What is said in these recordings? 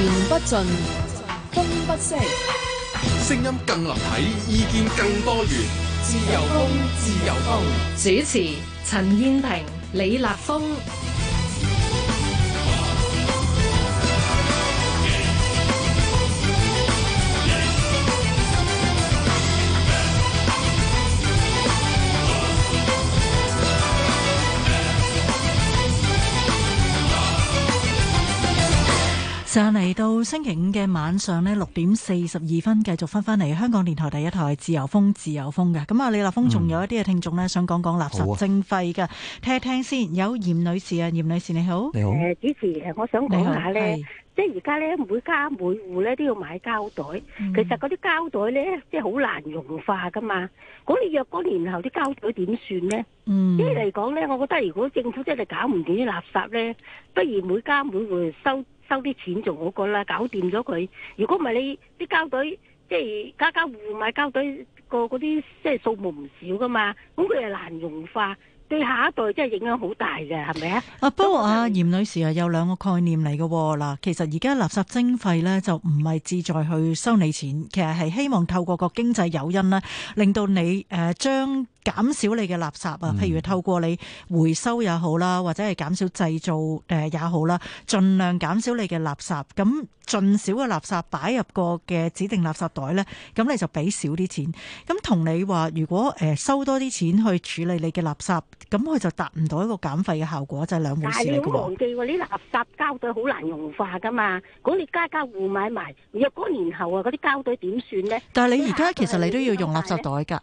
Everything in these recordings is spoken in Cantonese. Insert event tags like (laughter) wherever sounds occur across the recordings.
言不盡，風不息，聲音更立體，意見更多元，自由風，自由風。主持：陳燕萍、李立峰。上嚟到星期五嘅晚上咧，六點四十二分繼續翻翻嚟香港電台第一台自由風自由風嘅。咁啊，李立峰仲有一啲嘅聽眾咧，想講講垃圾徵費嘅，聽一聽先。有嚴女士啊，嚴女士你好，你好。誒，主持誒，我想講下咧，即係而家咧，每家每戶咧都要買膠袋，其實嗰啲膠袋咧，即係好難融化噶嘛。咁你若干年後啲膠袋點算咧？嗯。即係嚟講咧，我覺得如果政府真係搞唔掂啲垃圾咧，不如每家每戶收。收啲錢仲好過啦，搞掂咗佢。如果唔係你啲膠袋，即係家家戶戶買膠袋個嗰啲，即係數目唔少噶嘛。咁佢係難融化，對下一代真係影響好大嘅，係咪啊？啊，不過啊，嚴女士啊，有兩個概念嚟嘅嗱。其實而家垃圾徵費咧，就唔係志在去收你錢，其實係希望透過個經濟誘因啦，令到你誒將。減少你嘅垃圾啊，譬如透過你回收也好啦，或者係減少製造誒也好啦，盡量減少你嘅垃圾。咁盡少嘅垃圾擺入個嘅指定垃圾袋咧，咁你就俾少啲錢。咁同你話，如果誒收多啲錢去處理你嘅垃圾，咁佢就達唔到一個減費嘅效果，就係兩回事嚟嘅。大佬忘記啲垃圾膠袋好難溶化，噶嘛。如果你家家戶買埋，若干年後啊，嗰啲膠袋點算咧？但係你而家其實你都要用垃圾袋噶。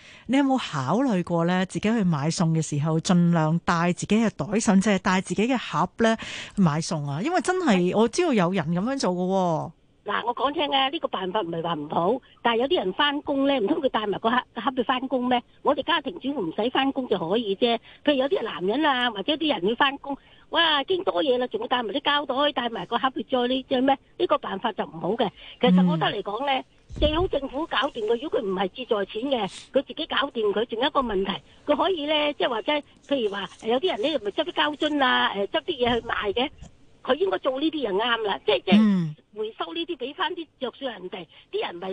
你有冇考慮過咧？自己去買餸嘅時候，盡量帶自己嘅袋甚至係，帶自己嘅盒咧買餸啊！因為真係我知道有人咁樣做嘅、哦。嗱，我講聽啊，呢、呢個辦法唔係話唔好，但係有啲人翻工咧，唔通佢帶埋個盒去翻工咩？我哋家庭主婦唔使翻工就可以啫。譬如有啲男人啊，或者啲人要翻工，哇，經多嘢啦，仲要帶埋啲膠袋，帶埋個盒去再呢，即咩？呢個辦法就唔好嘅。其實我覺得嚟講咧。嗯最好政府搞掂佢，如果佢唔係志在錢嘅，佢自己搞掂佢。仲有一個問題，佢可以咧，即係或者，譬如話有啲人咧，咪執啲膠樽啊，誒，執啲嘢去賣嘅。佢應該做呢啲人啱啦，即係即係回收呢啲，俾翻啲着數人哋。啲人咪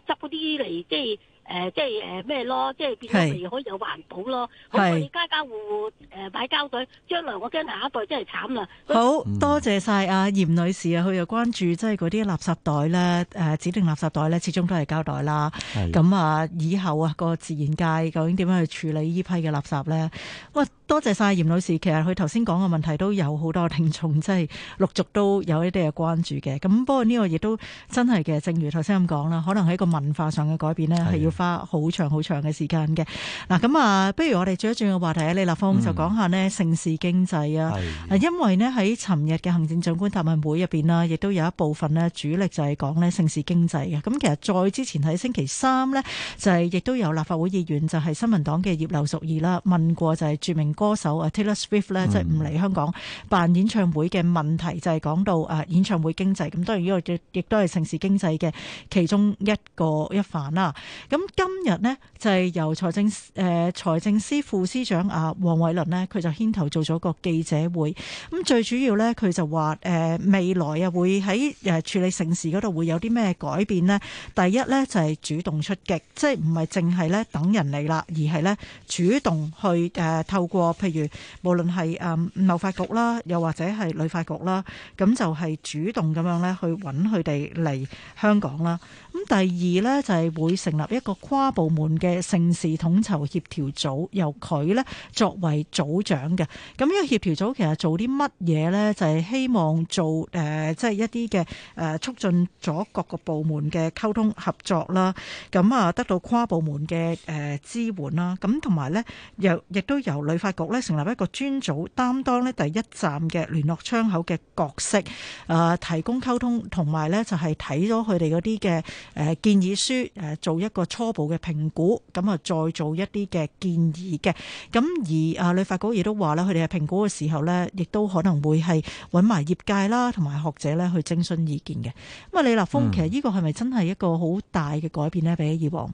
執嗰啲嚟即係。誒即係誒咩咯？即係、呃、變咗我哋可以有環保咯。可以家家戶戶誒擺膠袋，將來我驚下一代真係慘啦。好多謝晒阿嚴女士啊，佢又關注即係嗰啲垃圾袋咧誒指定垃圾袋咧，始終都係膠袋啦。咁啊以後啊個自然界究竟點樣去處理呢批嘅垃圾咧？哇！多謝晒嚴、啊、女士，其實佢頭先講嘅問題都有好多聽眾即係陸續都有一啲嘅關注嘅。咁不過呢個亦都真係嘅，正如頭先咁講啦，可能喺一個文化上嘅改變咧係要。花好長好長嘅時間嘅嗱，咁啊，不如我哋轉一轉嘅話題，嗯，李立峰就講下呢：「盛事經濟啊，嗯、因為呢喺尋日嘅行政長官答問會入邊啦，亦都有一部分呢主力就係講呢盛事經濟嘅。咁其實再之前喺星期三呢，就係、是、亦都有立法會議員就係新民黨嘅葉劉淑儀啦，問過就係著名歌手啊 Taylor Swift 呢、嗯，即係唔嚟香港辦演唱會嘅問題，就係、是、講到啊演唱會經濟，咁當然呢個亦都係盛事經濟嘅其中一個一環啦。咁今日呢就係由財政誒財政司副司長啊黃偉綸咧，佢就牽頭做咗個記者會。咁最主要咧，佢就話誒未來啊會喺誒處理城市嗰度會有啲咩改變咧？第一咧就係主動出擊，即係唔係淨係咧等人嚟啦，而係咧主動去誒透過譬如無論係誒貿發局啦，又或者係旅發局啦，咁就係主動咁樣咧去揾佢哋嚟香港啦。咁第二咧就係會成立一個。跨部門嘅盛事統籌協調組，由佢咧作為組長嘅。咁、這、呢個協調組其實做啲乜嘢呢？就係、是、希望做誒，即係一啲嘅誒，促進咗各個部門嘅溝通合作啦。咁啊，得到跨部門嘅誒支援啦。咁同埋呢，又亦都由旅發局咧成立一個專組，擔當咧第一站嘅聯絡窗口嘅角色，誒提供溝通，同埋呢就係睇咗佢哋嗰啲嘅誒建議書，誒做一個。初步嘅評估咁啊，再做一啲嘅建議嘅。咁而啊，旅發局亦都話啦，佢哋係評估嘅時候咧，亦都可能會係揾埋業界啦同埋學者咧去徵詢意見嘅咁啊。李立峰，其實呢個係咪真係一個好大嘅改變咧？比起以往。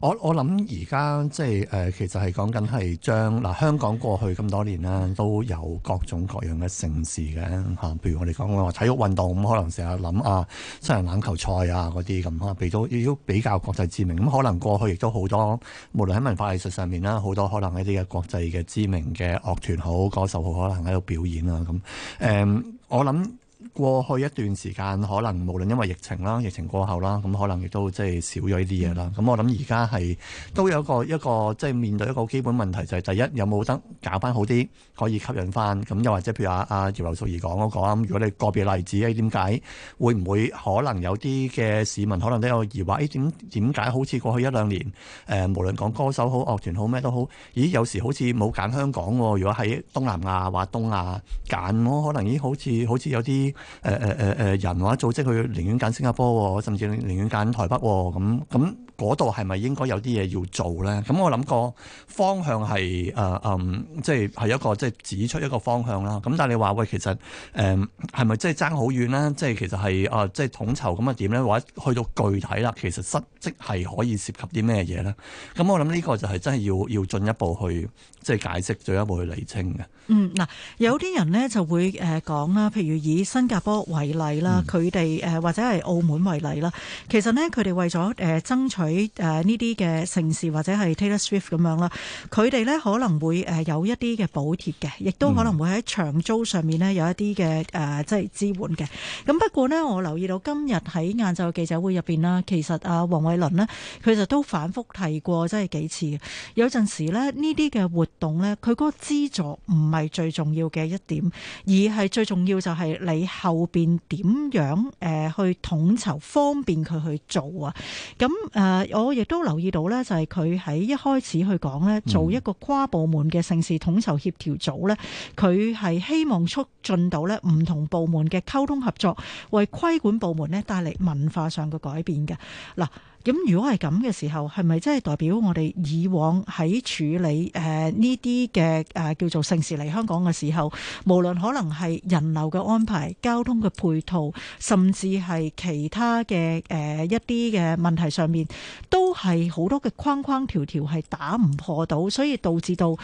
我我諗而家即係誒，其實係講緊係將嗱香港過去咁多年啦，都有各種各樣嘅盛事嘅嚇。譬如我哋講話體育運動咁，可能成日諗啊，七人欖球賽啊嗰啲咁啊，比都都比較國際知名。咁可能過去亦都好多，無論喺文化藝術上面啦，好多可能一啲嘅國際嘅知名嘅樂團好、歌手好，可能喺度表演啊。咁。誒，我諗。過去一段時間，可能無論因為疫情啦、疫情過後啦，咁可能亦都即係少咗呢啲嘢啦。咁、嗯、我諗而家係都有個一個即係、就是、面對一個基本問題、就是，就係第一有冇得搞翻好啲，可以吸引翻。咁又或者譬如阿阿葉劉淑儀講嗰、那個，如果你個別例子，點解會唔會可能有啲嘅市民可能都有疑惑？誒點點解好似過去一兩年誒、呃，無論講歌手好、樂團好咩都好，咦有時好似冇揀香港喎？如果喺東南亞或東亞揀，我可能咦好似好似有啲。誒誒誒人或者組織，佢寧願揀新加坡，甚至寧願揀台北咁咁，嗰度係咪應該有啲嘢要做咧？咁、嗯、我諗個方向係誒、呃、嗯，即係有一個即係指出一個方向啦。咁但係你話喂，其實誒係咪即係爭好遠咧？即係其實係啊，即係統籌咁啊點咧？或者去到具體啦，其實失職係可以涉及啲咩嘢咧？咁我諗呢個就係真係要要進一步去即係解釋，進一步去釐清嘅。嗯，嗱、嗯，有啲人咧就會誒講啦，譬如以新加波為例啦，佢哋或者係澳門為例啦，其實呢，佢哋為咗誒爭取呢啲嘅城市或者係 Taylor Swift 咁樣啦，佢哋呢可能會有一啲嘅補貼嘅，亦都可能會喺長租上面呢有一啲嘅即係支援嘅。咁不過呢，我留意到今日喺晏晝記者會入邊啦，其實阿、啊、黃偉麟呢，佢就都反覆提過，真係幾次。有陣時咧呢啲嘅活動呢，佢嗰個資助唔係最重要嘅一點，而係最重要就係你，後邊點樣誒、呃、去統籌方便佢去做啊？咁、呃、誒，我亦都留意到呢，就係佢喺一開始去講呢，做一個跨部門嘅城市統籌協調組呢，佢係希望促進到呢唔同部門嘅溝通合作，為規管部門呢帶嚟文化上嘅改變嘅嗱。咁如果係咁嘅時候，係咪真係代表我哋以往喺處理呢啲嘅叫做盛事嚟香港嘅時候，無論可能係人流嘅安排、交通嘅配套，甚至係其他嘅一啲嘅問題上面，都係好多嘅框框條條係打唔破到，所以導致到。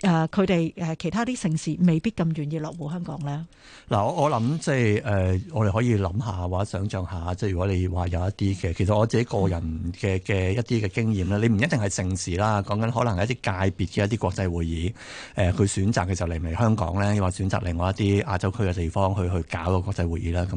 誒，佢哋誒，其他啲城市未必咁願意落戶香港咧。嗱、呃，我我諗即係誒，我哋，呃、可以諗下或者想象下，即係如果你話有一啲嘅，其實我自己個人嘅嘅一啲嘅經驗啦，你唔一定係城市啦，講緊可能係一啲界別嘅一啲國際會議，誒，呃、佢選擇嘅時候嚟唔嚟香港咧？你話選擇另外一啲亞洲區嘅地方去去搞個國際會議啦，咁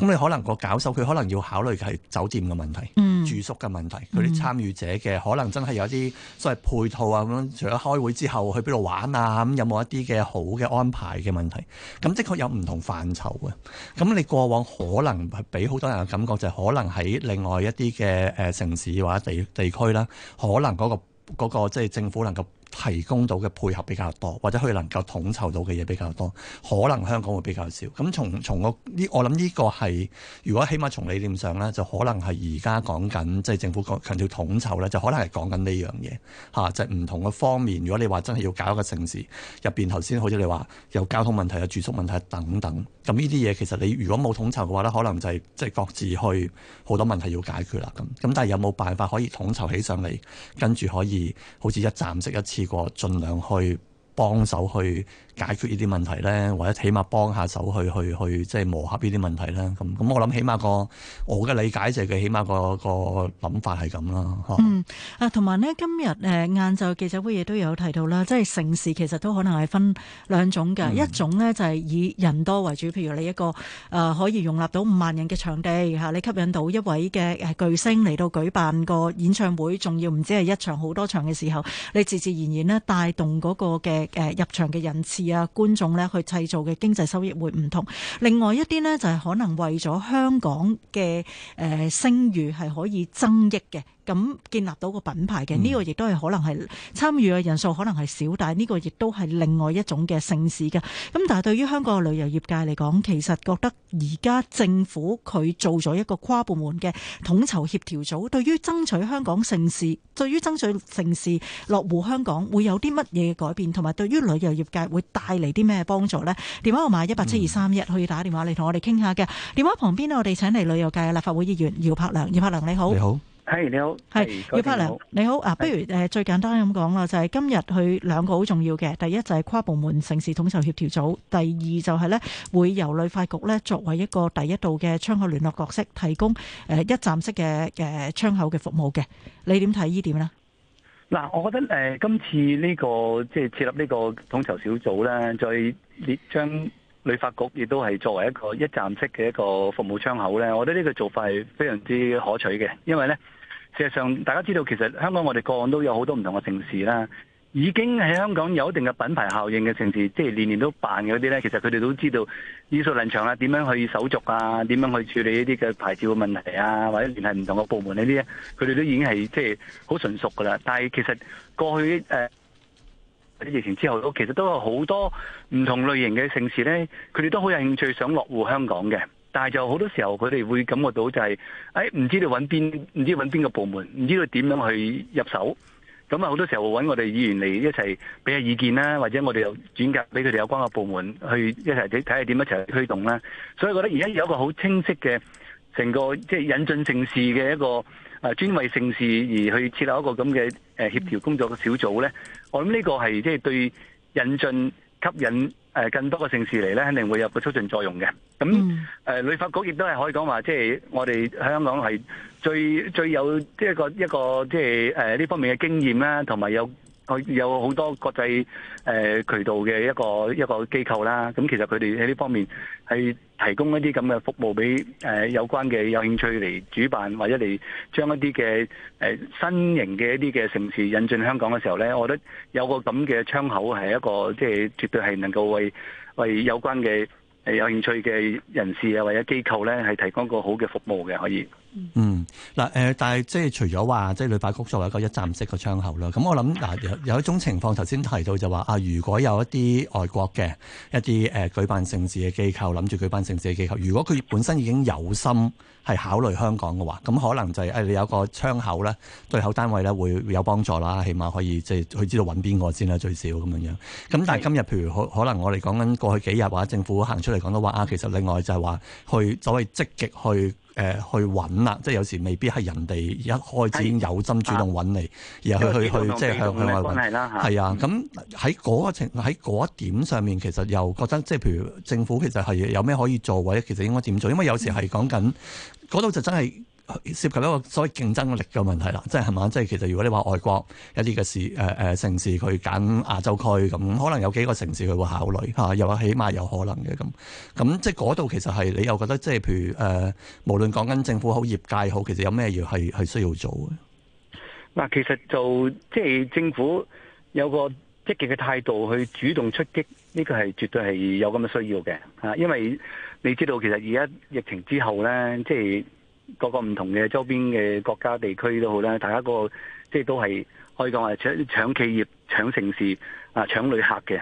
咁你可能個搞手佢可能要考慮係酒店嘅問題，嗯，住宿嘅問題，佢哋參與者嘅可能真係有一啲，嗯、所謂配套啊咁樣，除咗開會之後去邊度？玩啊，咁有冇一啲嘅好嘅安排嘅問題？咁的確有唔同範疇嘅。咁你過往可能係俾好多人嘅感覺就係可能喺另外一啲嘅誒城市或者地地區啦，可能嗰個嗰個即係政府能夠。提供到嘅配合比較多，或者佢能夠統籌到嘅嘢比較多，可能香港會比較少。咁從從我呢，我諗呢個係如果起碼從理念上咧，就可能係而家講緊，即係政府講強調統籌咧，就可能係講緊呢樣嘢吓，就係唔同嘅方面。如果你話真係要搞一個城市入邊，頭先好似你話有交通問題啊、住宿問題等等，咁呢啲嘢其實你如果冇統籌嘅話咧，可能就係即係各自去好多問題要解決啦。咁咁，但係有冇辦法可以統籌起上嚟，跟住可以好似一站式一次？呢個盡量去。幫手去解決呢啲問題咧，或者起碼幫下手去去去，即係磨合呢啲問題咧。咁咁，我諗起碼個我嘅理解就係佢起碼個個諗法係咁咯。嗯啊，同埋呢，今日誒晏晝記者會亦都有提到啦，即係城市其實都可能係分兩種嘅、嗯，一種呢，就係以人多為主，譬如你一個誒可以容納到五萬人嘅場地嚇，你吸引到一位嘅巨星嚟到舉辦個演唱會，仲要唔止係一場好多場嘅時候，你自自然然咧帶動嗰個嘅。入場嘅人次啊，觀眾呢去製造嘅經濟收益會唔同。另外一啲呢，就係、是、可能為咗香港嘅誒聲譽係可以增益嘅，咁建立到個品牌嘅呢、這個亦都係可能係參與嘅人數可能係少，但係呢個亦都係另外一種嘅盛事嘅。咁但係對於香港嘅旅遊業界嚟講，其實覺得而家政府佢做咗一個跨部門嘅統籌協調組，對於爭取香港盛事，對於爭取盛事落戶香港會有啲乜嘢改變，同埋。對於旅遊業界會帶嚟啲咩幫助呢？電話號碼一八七二三一，可以打電話嚟同我哋傾下嘅。電話旁邊咧，我哋請嚟旅遊界立法會議員姚柏良。姚柏良你好，你好，係你好，係 (noise) (noise) 姚柏良你好。啊，不如誒、呃、最簡單咁講啦，就係、是、今日佢兩個好重要嘅，第一就係跨部門城市統籌協調組，第二就係咧會由旅發局咧作為一個第一度嘅窗口聯絡角色，提供誒、呃、一站式嘅誒、呃、窗口嘅服務嘅。你點睇呢點呢？嗱，我覺得誒，今次呢、這個即係、就是、設立呢個統籌小組咧，再將旅發局亦都係作為一個一站式嘅一個服務窗口咧，我覺得呢個做法係非常之可取嘅，因為咧，事實上大家知道其實香港我哋個案都有好多唔同嘅城市啦。已經喺香港有一定嘅品牌效應嘅城市，即係年年都辦嗰啲呢。其實佢哋都知道耳熟能詳啊，點樣去手續啊，點樣去處理呢啲嘅牌照嘅問題啊，或者聯繫唔同嘅部門呢啲，佢哋都已經係即係好純熟噶啦。但係其實過去誒、呃，疫情之後，都其實都有好多唔同類型嘅城市呢，佢哋都好有興趣想落戶香港嘅，但係就好多時候佢哋會感覺到就係、是，誒、哎、唔知道揾邊，唔知揾邊個部門，唔知道點樣去入手。咁啊，好多時候揾我哋議員嚟一齊俾下意見啦，或者我哋又轉介俾佢哋有關嘅部門去看看，一齊睇下點一齊去推動啦。所以我覺得而家有一個好清晰嘅成個即係、就是、引進城市嘅一個啊、呃、專為城市而去設立一個咁嘅誒協調工作嘅小組呢，我諗呢個係即係對引進。吸引誒更多嘅城市嚟咧，肯定會有個促進作用嘅。咁誒，嗯、呃、旅發局亦都係可以講話，即係我哋香港係最最有即係個一個，即係誒呢方面嘅經驗啦，同埋有。有好多國際誒、呃、渠道嘅一個一個機構啦，咁其實佢哋喺呢方面係提供一啲咁嘅服務俾誒、呃、有關嘅有興趣嚟主辦或者嚟將一啲嘅誒新型嘅一啲嘅城市引進香港嘅時候呢，我覺得有個咁嘅窗口係一個即係、就是、絕對係能夠為為有關嘅。誒有興趣嘅人士啊，或者機構咧，係提供個好嘅服務嘅，可以。嗯，嗱誒，但係即係除咗話，即係旅發局作為一個一站式嘅窗口啦。咁我諗嗱，有有一種情況，頭先提到就話啊，如果有一啲外國嘅一啲誒舉辦盛事嘅機構，諗住舉辦盛事嘅機構，如果佢本身已經有心。係考慮香港嘅話，咁可能就係、是哎、你有個窗口咧，對口單位咧會有幫助啦，起碼可以即係、就是、去知道揾邊個先啦，最少咁樣。咁但係今日譬如可可能我哋講緊過去幾日或者政府行出嚟講嘅話啊，其實另外就係話去所謂積極去。誒、呃、去揾啦，即係有時未必係人哋一開始已經有心主動揾你，而係去去去即係向向外揾。係啦，啊，咁喺嗰個情喺嗰一點上面，其實又覺得即係譬如政府其實係有咩可以做，或者其實應該點做？因為有時係講緊嗰度就真係。涉及一個所謂競爭力嘅問題啦，即係係嘛，即係其實如果你話外國一啲嘅市誒誒、呃、城市，佢揀亞洲區咁，可能有幾個城市佢會考慮嚇、啊，又話起碼有可能嘅咁，咁即係嗰度其實係你又覺得即係譬如誒、呃，無論講緊政府好、業界好，其實有咩要係係需要做嘅？嗱，其實就即係、就是、政府有個積極嘅態度去主動出擊，呢、這個係絕對係有咁嘅需要嘅嚇、啊，因為你知道其實而家疫情之後咧，即係。各個唔同嘅周邊嘅國家地區都好啦，大家、個即係都係可以講話搶企業、搶城市啊、搶旅客嘅。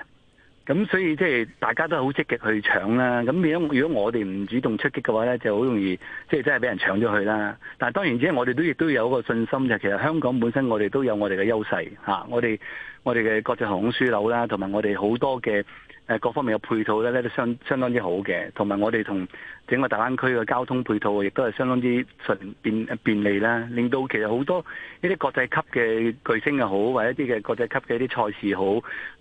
咁所以即係大家都好積極去搶啦。咁如果如果我哋唔主動出擊嘅話咧，就好容易即係真係俾人搶咗去啦。但係當然即係我哋都亦都有一個信心，就其實香港本身我哋都有我哋嘅優勢嚇、啊，我哋我哋嘅國際航空樞紐啦，同埋我哋好多嘅。誒各方面嘅配套咧咧都相相當之好嘅，同埋我哋同整個大灣區嘅交通配套，亦都係相當之順便便利啦。令到其實好多一啲國際級嘅巨星又好，或者一啲嘅國際級嘅一啲賽事好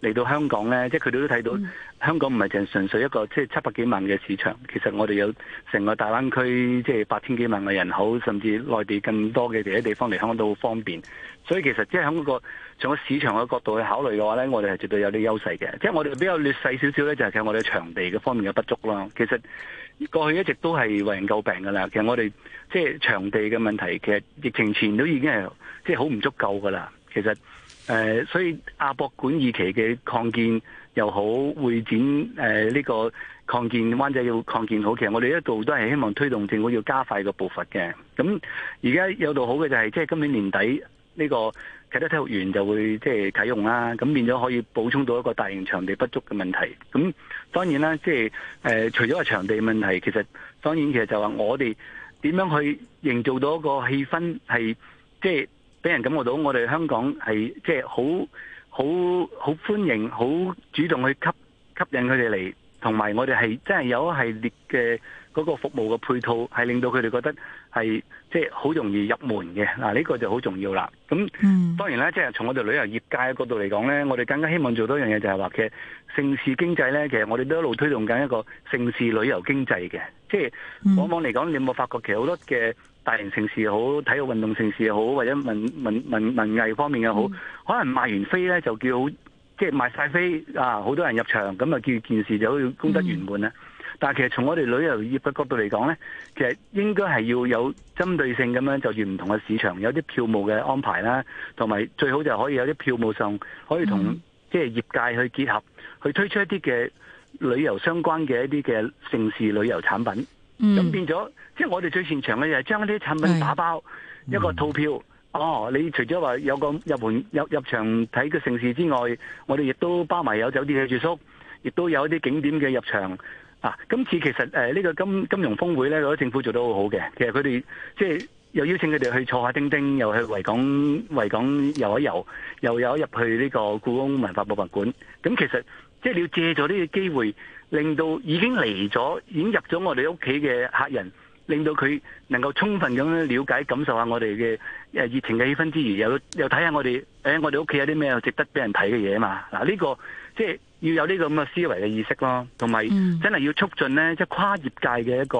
嚟到香港咧，即係佢哋都睇到香港唔係淨純粹一個即係七百幾萬嘅市場，其實我哋有成個大灣區即係八千幾萬嘅人口，甚至內地更多嘅其他地方嚟香港都好方便。所以其實即係響個從個市場嘅角度去考慮嘅話咧，我哋係絕對有啲優勢嘅，即係我哋比較劣勢，少少咧，就係睇我哋場地嘅方面嘅不足咯。其實過去一直都係為人詬病噶啦。其實我哋即係場地嘅問題，其實疫情前都已經係即係好唔足夠噶啦。其實誒，所以亞博館二期嘅擴建又好，會展誒呢個擴建灣仔要擴建好，其實我哋一度都係希望推動政府要加快個步伐嘅。咁而家有度好嘅就係即係今年年底呢、這個。其他體育園就會即係啟用啦，咁變咗可以補充到一個大型場地不足嘅問題。咁當然啦，即係除咗個場地問題，其實當然其實就話我哋點樣去營造到一個氣氛，係即係俾人感覺到我哋香港係即係好好好歡迎、好主動去吸吸引佢哋嚟，同埋我哋係真係有一系列嘅嗰個服務嘅配套，係令到佢哋覺得係。即係好容易入門嘅，嗱、這、呢個就好重要啦。咁、嗯、當然啦，即係從我哋旅遊業界嘅角度嚟講咧，我哋更加希望做多一樣嘢，就係話嘅城市經濟咧。其實我哋都一路推動緊一個城市旅遊經濟嘅。即係往往嚟講，你有冇發覺其實好多嘅大型城市又好，體育運動城市又好，或者文文文文藝方面又好，嗯，可能賣完飛咧就叫即係賣晒飛啊，好多人入場咁啊，叫件事就要功德圓滿但係其實從我哋旅遊業嘅角度嚟講呢，其實應該係要有針對性，咁樣就住、是、唔同嘅市場，有啲票務嘅安排啦，同埋最好就可以有啲票務上可以同即係業界去結合，嗯、去推出一啲嘅旅遊相關嘅一啲嘅城市旅遊產品。咁、嗯、變咗，即、就、係、是、我哋最擅長嘅就係將啲產品打包一個套票。嗯、哦，你除咗話有個入門入入場睇個城市之外，我哋亦都包埋有酒店嘅住宿，亦都有一啲景點嘅入場。嗱、啊，今次其實誒呢、呃這個金金融峰會咧，我覺得政府做得好好嘅。其實佢哋即係又邀請佢哋去坐下叮叮，又去維港維港遊一遊，又有入去呢個故宮文化博物館。咁、嗯、其實即係你要借助呢個機會，令到已經嚟咗、已經入咗我哋屋企嘅客人，令到佢能夠充分咁樣了解、感受下我哋嘅誒熱情嘅氣氛之餘，又又睇下我哋、哎、我哋屋企有啲咩值得俾人睇嘅嘢嘛。嗱、啊、呢、這個。即係要有呢個咁嘅思維嘅意識咯，同埋真係要促進咧，即係跨業界嘅一個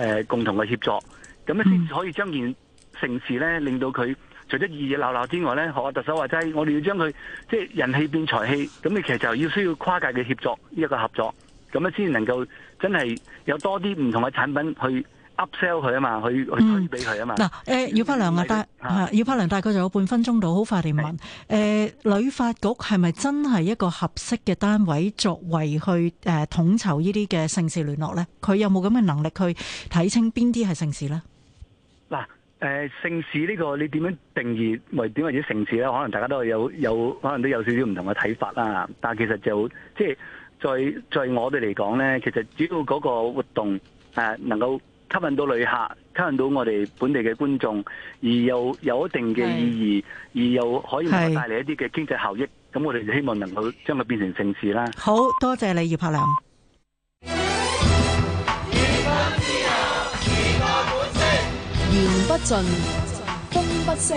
誒共同嘅協作，咁咧先至可以將件成事咧，令到佢除咗熱熱鬧鬧之外咧，何特首話齋，我哋要將佢即係人氣變財氣，咁你其實就要需要跨界嘅協作呢一個合作，咁咧先能夠真係有多啲唔同嘅產品去。s e l l 佢啊嘛，去去推俾佢啊嘛。嗱，誒，姚柏良啊，但、嗯、姚柏良、啊，大概仲有半分鐘到，好快地問。誒，旅、呃、發局係咪真係一個合適嘅單位，作為去誒統籌呢啲嘅盛事聯絡咧？佢有冇咁嘅能力去睇清邊啲係盛事咧？嗱、呃，誒、這個，盛事呢個你點樣定義為點或者盛事咧？可能大家都有有，可能都有少少唔同嘅睇法啦。但係其實就即係在在我哋嚟講咧，其實主要嗰個活動誒、啊、能夠。吸引到旅客，吸引到我哋本地嘅觀眾，而又有一定嘅意義，而又可以帶嚟一啲嘅經濟效益，咁我哋就希望能夠將佢變成盛事啦。好多謝你，姚柏良。言不盡，風不息，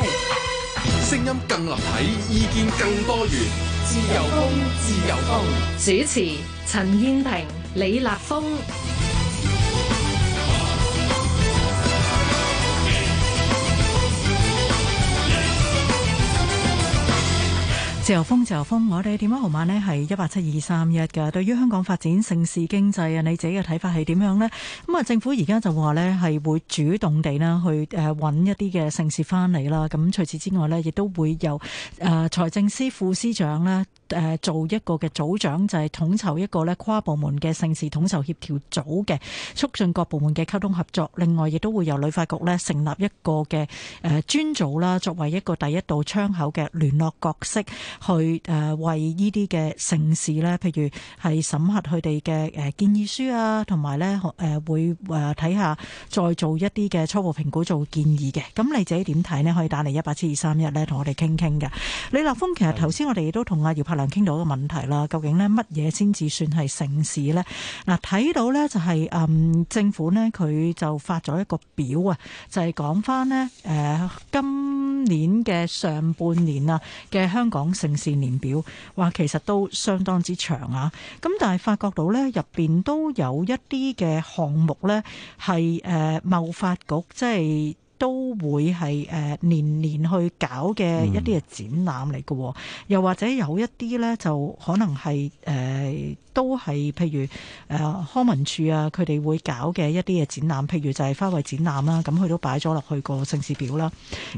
聲音更立體，意見更多元，自由風，自由風。主持：陳燕萍、李立峰。自由風，自由風，我哋嘅電話號碼呢係一八七二三一㗎。對於香港發展盛事經濟啊，你自己嘅睇法係點樣呢？咁啊，政府而家就話呢係會主動地呢去誒揾一啲嘅盛事翻嚟啦。咁除此之外呢，亦都會有誒、呃、財政司副司長呢。誒做一個嘅組長就係統籌一個咧跨部門嘅盛事統籌協調組嘅，促進各部門嘅溝通合作。另外，亦都會由旅發局咧成立一個嘅誒專組啦，作為一個第一道窗口嘅聯絡角色，去誒為呢啲嘅盛事咧，譬如係審核佢哋嘅誒建議書啊，同埋咧誒會誒睇下再做一啲嘅初步評估，做建議嘅。咁你自己點睇咧？可以打嚟一八七二三一咧，同我哋傾傾嘅。李立峰，其實頭先我哋亦都同阿姚柏。梁傾到個問題啦，究竟呢乜嘢先至算係盛事呢？嗱、就是，睇到呢就係誒政府呢，佢就發咗一個表啊，就係講翻呢誒今年嘅上半年啊嘅香港盛事年表，話其實都相當之長啊。咁但係發覺到呢，入面都有一啲嘅項目呢，係誒、呃、貿發局即係。就是都會係誒、呃、年年去搞嘅一啲嘅展覽嚟嘅、哦，又或者有一啲呢，就可能係誒、呃、都係譬如誒、呃、康文處啊，佢哋會搞嘅一啲嘅展覽，譬如就係花卉展覽啦，咁佢都擺咗落去個盛事表啦。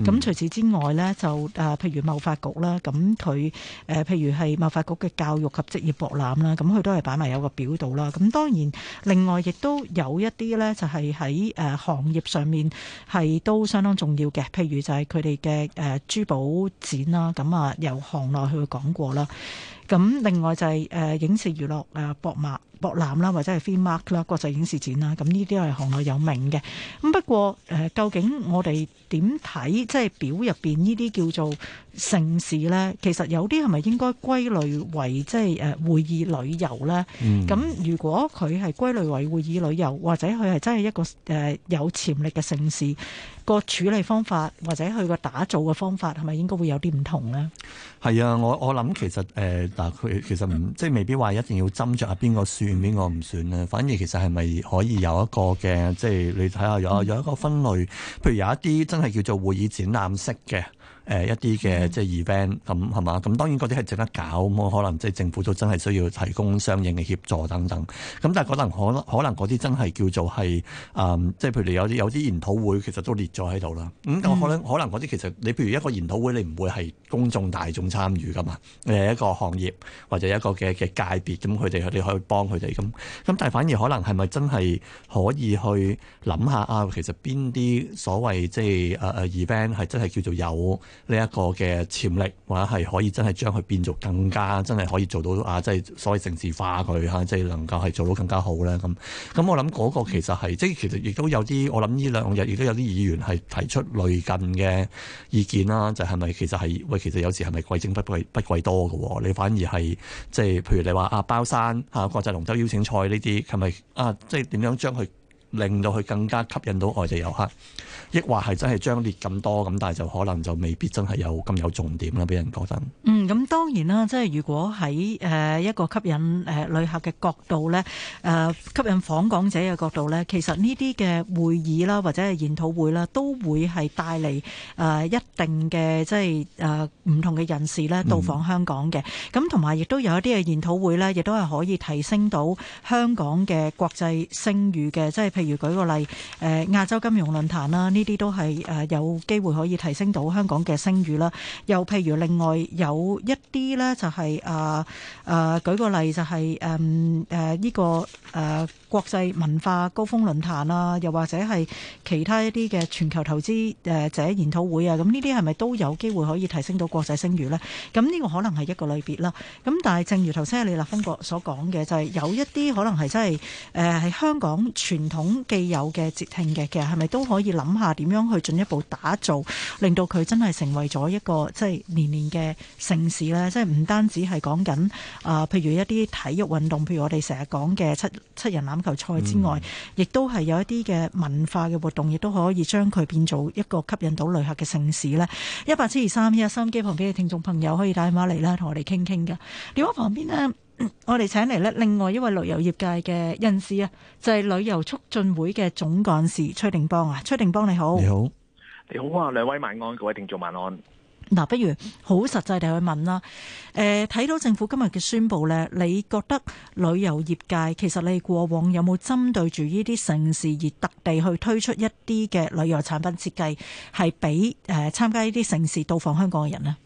咁除此之外呢，就誒、呃、譬如貿發局啦，咁佢誒譬如係貿發局嘅教育及職業博覽啦，咁佢都係擺埋有個表度啦。咁當然另外亦都有一啲呢，就係喺誒行業上面係。都相當重要嘅，譬如就係佢哋嘅誒珠寶展啦，咁啊由行內去講過啦，咁另外就係誒影視娛樂誒博物。博覽啦，或者係 FilmMark 啦，國際影視展啦，咁呢啲係行內有名嘅。咁不過誒、呃，究竟我哋點睇即係表入邊呢啲叫做盛事咧？其實有啲係咪應該歸類為即係誒會議旅遊咧？咁、嗯、如果佢係歸類為會議旅遊，或者佢係真係一個誒有潛力嘅盛事，個處理方法或者佢個打造嘅方法係咪應該會有啲唔同咧？係啊，我我諗其實誒，嗱、呃、佢其實唔即係未必話一定要斟酌下邊個選。全面我唔算啦，反而其實係咪可以有一個嘅，即係你睇下有有一個分類，譬如有一啲真係叫做會議展覽式嘅。誒一啲嘅即係 event 咁係嘛？咁、嗯、當然嗰啲係值得搞，咁可能即係政府都真係需要提供相應嘅協助等等。咁但係可能可可能嗰啲真係叫做係誒，即、嗯、係譬如有啲有啲研討會其實都列咗喺度啦。咁可能可能嗰啲其實你譬如一個研討會，你唔會係公眾大眾參與噶嘛？誒一個行業或者一個嘅嘅界別，咁佢哋你可以幫佢哋咁。咁但係反而可能係咪真係可以去諗下啊？其實邊啲所謂、就是呃、即係 event 係真係叫做有？呢一個嘅潛力，或者係可以真係將佢變做更加，真係可以做到啊！即係所謂城市化佢嚇，即係能夠係做到更加好呢。咁。咁我諗嗰個其實係，即係其實亦都有啲，我諗呢兩日亦都有啲議員係提出類近嘅意見啦，就係咪其實係喂，其實有時係咪貴精不貴不貴多㗎喎？你反而係即係，譬如你話啊，包山啊國際龍舟邀請賽呢啲，係咪啊，即係點樣將佢？令到佢更加吸引到外地遊客，抑或係真係張列咁多咁，但係就可能就未必真係有咁有重點啦，俾人覺得。嗯，咁當然啦，即係如果喺誒一個吸引誒旅客嘅角度咧，誒吸引訪港者嘅角度咧，其實呢啲嘅會議啦，或者係研討會啦，都會係帶嚟誒一定嘅即係誒唔同嘅人士咧到訪香港嘅。咁同埋亦都有一啲嘅研討會咧，亦都係可以提升到香港嘅國際聲譽嘅，即係。譬如舉個例，誒亞洲金融論壇啦，呢啲都係誒有機會可以提升到香港嘅聲譽啦。又譬如另外有一啲咧、就是，就係啊啊舉個例、就是，就係誒誒呢個誒國際文化高峰論壇啦，又或者係其他一啲嘅全球投資誒者研討會啊，咁呢啲係咪都有機會可以提升到國際聲譽咧？咁呢個可能係一個類別啦。咁但係正如頭先李立峰哥所講嘅，就係、是、有一啲可能係真係誒係香港傳統。既有嘅節慶嘅其實，係咪都可以諗下點樣去進一步打造，令到佢真係成為咗一個即係年年嘅盛事呢？即係唔單止係講緊啊，譬如一啲體育運動，譬如我哋成日講嘅七七人欖球賽之外，嗯、亦都係有一啲嘅文化嘅活動，亦都可以將佢變做一個吸引到旅客嘅盛事呢。一八七二三一三，收音機旁邊嘅聽眾朋友可以打電話嚟啦，同我哋傾傾㗎。電話旁邊呢。我哋請嚟另外一位旅遊業界嘅人士啊，就係、是、旅遊促進會嘅總幹事崔定邦啊，崔定邦，崔定邦你好，你好，你好啊，兩位晚安，各位聽眾晚安。嗱，不如好實際地去問啦，誒、呃，睇到政府今日嘅宣佈，你覺得旅遊業界其實你過往有冇針對住呢啲盛事而特地去推出一啲嘅旅遊產品設計，係俾誒參加呢啲盛事到訪香港嘅人呢？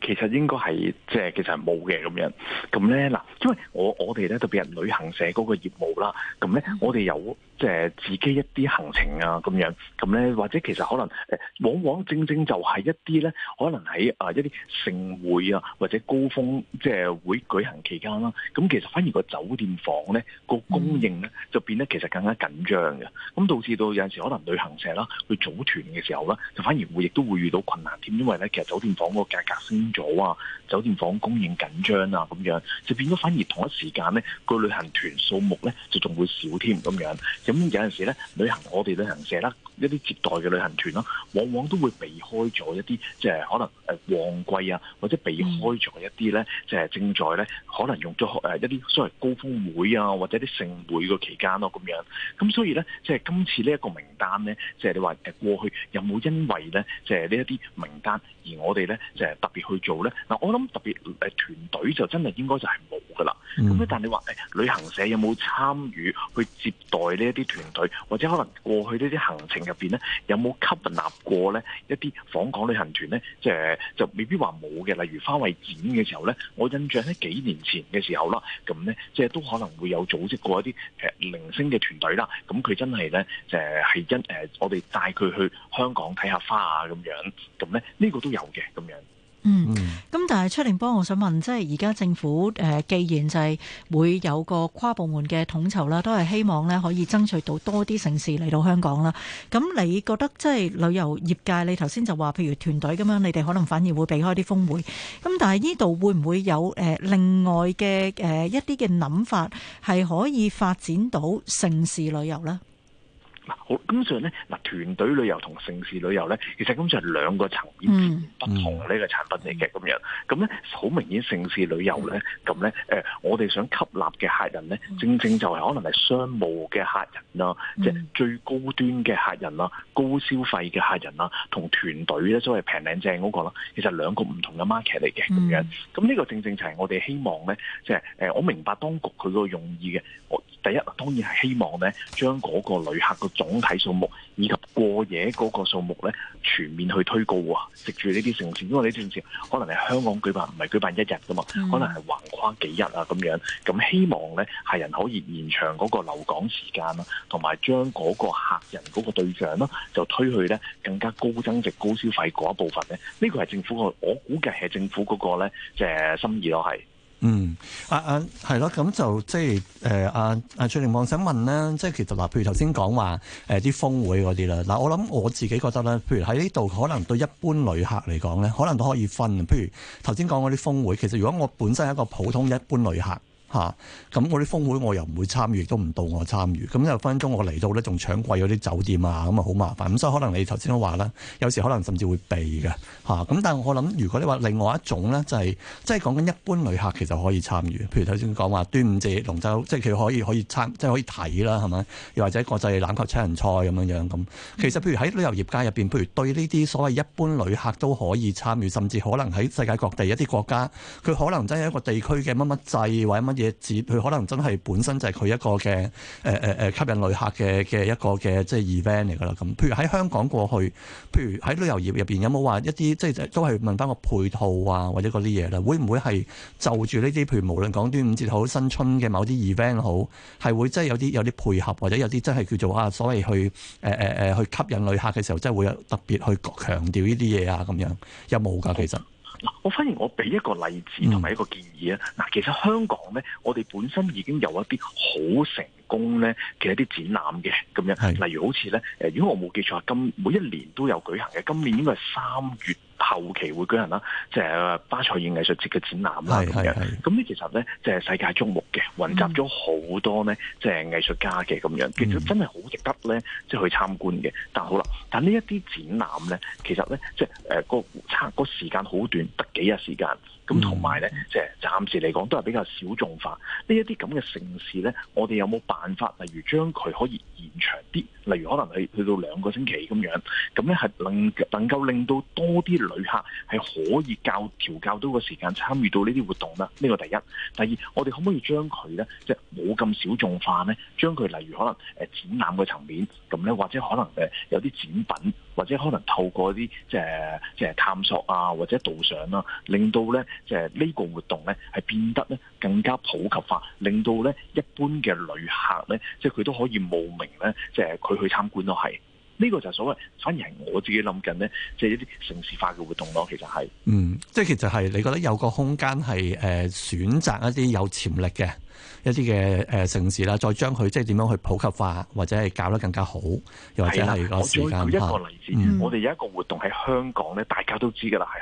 其實應該係即係其實冇嘅咁樣，咁咧嗱，因為我我哋咧特別係旅行社嗰個業務啦，咁咧我哋有即係自己一啲行程啊咁樣，咁咧或者其實可能誒往往正正就係一啲咧可能喺啊一啲盛會啊或者高峰即係會舉行期間啦，咁其實反而個酒店房咧個供應咧就變得其實更加緊張嘅，咁導致到有陣時可能旅行社啦去組團嘅時候呢，就反而會亦都會遇到困難添，因為咧其實酒店房嗰個價格升咗啊！酒店房供應緊張啊，咁樣就變咗，反而同一時間咧，個旅行團數目咧就仲會少添咁樣。咁有陣時咧，旅行，旅行我哋旅行社啦。一啲接待嘅旅行團往往都會避開咗一啲，即係可能旺季啊，或者避開咗一啲咧，即係正在咧，可能用咗一啲所謂高峰會啊，或者啲盛會嘅期間咯，咁樣。咁所以咧，即係今次呢一個名單咧，即係你話誒過去有冇因為咧，即係呢一啲名單而我哋咧，即係特別去做咧？嗱，我諗特別誒團隊就真係應該就係冇噶啦。咁、嗯、但你話誒、呃、旅行社有冇參與去接待呢一啲團隊，或者可能過去呢啲行程？入邊咧有冇吸納過咧一啲訪港旅行團咧？即係就未必話冇嘅，例如花卉展嘅時候咧，我印象喺幾年前嘅時候啦，咁咧即係都可能會有組織過一啲誒明星嘅團隊啦。咁佢真係咧誒係一，誒，我哋帶佢去香港睇下花啊，咁樣。咁咧呢個都有嘅咁樣。嗯，咁但係崔定邦，我想問，即係而家政府誒、呃，既然就係會有個跨部門嘅統籌啦，都係希望咧可以爭取到多啲盛事嚟到香港啦。咁、嗯、你覺得即係旅遊業界，你頭先就話，譬如團隊咁樣，你哋可能反而會避開啲峰會。咁但係呢度會唔會有誒、呃、另外嘅誒、呃、一啲嘅諗法係可以發展到盛事旅遊咧？嗱好，咁上呢，咧，嗱團隊旅遊同城市旅遊咧，其實咁就係兩個層面不同呢個產品嚟嘅咁樣。咁咧好明顯，城市旅遊咧，咁咧誒，我哋想吸納嘅客人咧，正正就係可能係商務嘅客人啦，即、嗯、係、就是、最高端嘅客人啦、嗯，高消費嘅客人啦，同團隊咧，所謂平靚正嗰、那個啦。其實兩個唔同嘅 market 嚟嘅咁樣。咁呢個正正就係我哋希望咧，即、就、係、是、我明白當局佢個用意嘅。我第一當然係希望咧，將嗰個旅客個總體數目以及過夜嗰個數目咧，全面去推高啊！食住呢啲盛事，因為呢啲盛事可能係香港舉辦，唔係舉辦一日噶嘛、嗯，可能係橫跨幾日啊咁樣。咁希望咧係人可以延長嗰個留港時間啦，同埋將嗰個客人嗰個對象咧，就推去咧更加高增值、高消費嗰一部分咧。呢個係政府個，我估計係政府嗰個咧，即係心意咯係。嗯，啊啊，係咯，咁就即係誒，阿阿翠玲望想問咧，即係其實嗱，譬如頭先講話誒啲峰會嗰啲啦，嗱，我諗我自己覺得咧，譬如喺呢度可能對一般旅客嚟講咧，可能都可以分，譬如頭先講嗰啲峰會，其實如果我本身係一個普通一般旅客。嚇，咁嗰啲峰會我又唔會參與，都唔到我參與。咁有分鐘我嚟到咧，仲搶貴嗰啲酒店啊，咁啊好麻煩。咁所以可能你頭先都話啦，有時可能甚至會避嘅嚇。咁但係我諗，如果你話另外一種咧，就係即係講緊一般旅客其實可以參與。譬如頭先講話端午節龍舟，即係佢可以可以參，即係可以睇啦，係咪？又或者國際籃球七人賽咁樣樣咁。其實譬如喺旅遊業界入面，譬如對呢啲所謂一般旅客都可以參與，甚至可能喺世界各地一啲國家，佢可能真係一個地區嘅乜乜制或者乜嘢節佢可能真係本身就係佢一個嘅誒誒誒吸引旅客嘅嘅一個嘅即係 event 嚟㗎啦。咁，譬如喺香港過去，譬如喺旅遊業入邊有冇話一啲即係都係問翻個配套啊，或者嗰啲嘢啦，會唔會係就住呢啲？譬如無論講端午節好、新春嘅某啲 event 好，係會真係有啲有啲配合，或者有啲真係叫做啊所謂去誒誒誒去吸引旅客嘅時候，真係會特別去強調呢啲嘢啊咁樣，有冇㗎？其實有有？嗱，我反而我俾一個例子同埋一個建議啊！嗱、嗯，其實香港咧，我哋本身已經有一啲好成功咧嘅一啲展覽嘅咁樣，例如好似咧，誒，如果我冇記錯，今每一年都有舉行嘅，今年應該係三月。後期會舉行啦，即係巴塞爾藝術節嘅展覽啦咁樣。咁呢其實咧，就係世界矚目嘅，混集咗好多咧，即係藝術家嘅咁樣。其實真係好值得咧，即係去參觀嘅。但係好啦，但係呢一啲展覽咧，其實咧，即係誒個差、個時間好短，得幾日時間。咁同埋咧，即係暫時嚟講都係比較小眾化。呢一啲咁嘅城市咧，我哋有冇辦法，例如將佢可以延長啲，例如可能去去到兩個星期咁樣，咁咧係能能夠令到多啲旅客係可以教調，調教到個時間參與到呢啲活動啦。呢個第一，第二，我哋可唔可以將佢咧即係冇咁小眾化咧？將佢例如可能誒展覽嘅層面，咁咧或者可能誒有啲展品。或者可能透過啲即係即係探索啊，或者導賞啦，令到咧即係呢個活動咧係變得咧更加普及化，令到咧一般嘅旅客咧即係佢都可以慕名咧即係佢去參觀咯。係呢個就係所謂，反而係我自己諗緊咧，即係一啲城市化嘅活動咯。其實係嗯，即係其實係你覺得有個空間係誒選擇一啲有潛力嘅。一啲嘅城市啦，再將佢即係點樣去普及化，或者係搞得更加好，又或者係個時間啦。一個舉例子，嗯、我哋有一個活動喺香港咧，大家都知㗎啦，係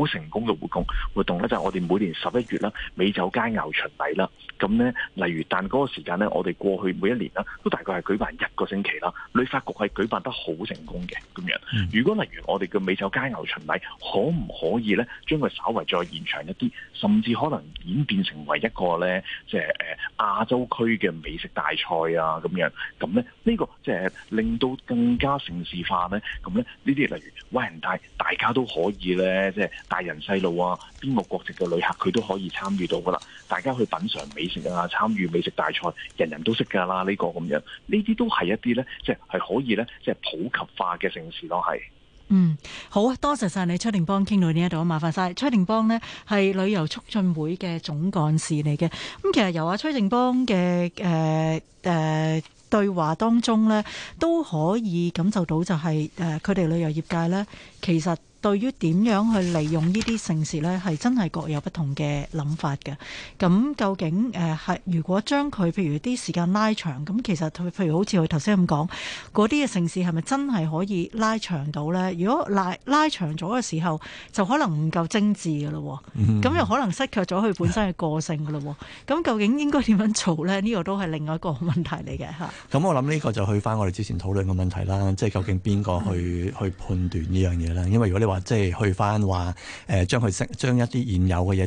好成功嘅活動。活動咧就係、是、我哋每年十一月啦，美酒佳肴巡禮啦。咁咧，例如但嗰個時間咧，我哋過去每一年啦，都大概係舉辦一個星期啦。旅發局係舉辦得好成功嘅咁樣。如果例如我哋嘅美酒佳肴巡禮，可唔可以咧將佢稍為再延長一啲，甚至可能演變成為一個咧即係？誒亞洲區嘅美食大賽啊，咁樣咁咧，呢個即係令到更加城市化呢。咁咧，呢啲例如懷人帶，大家都可以呢，即係大人細路啊，邊個國籍嘅旅客佢都可以參與到噶啦。大家去品嚐美食啊，參與美食大賽，人人都識㗎啦。呢個咁樣，呢啲都係一啲呢，即係係可以呢，即係普及化嘅城市咯，係。嗯，好啊，多謝晒你崔定邦傾到呢一度，麻煩晒崔定邦呢係旅遊促進會嘅總幹事嚟嘅。咁其實由阿崔定邦嘅誒誒對話當中呢，都可以感受到就係誒，佢哋旅遊業界呢，其實。對於點樣去利用呢啲城市呢係真係各有不同嘅諗法嘅。咁究竟係、呃、如果將佢譬如啲時間拉長，咁其實佢譬如好似我頭先咁講，嗰啲嘅城市係咪真係可以拉長到呢？如果拉拉長咗嘅時候，就可能唔夠精緻嘅咯。咁又可能失卻咗佢本身嘅個性嘅咯。咁究竟應該點樣做呢？呢、呢個都係另外一個問題嚟嘅。咁、嗯嗯、我諗呢個就去翻我哋之前討論嘅問題啦，即、就、係、是、究竟邊個去、嗯、去判斷呢樣嘢啦，因為如果你話即係去翻，話誒，將佢城，將一啲現有嘅嘢，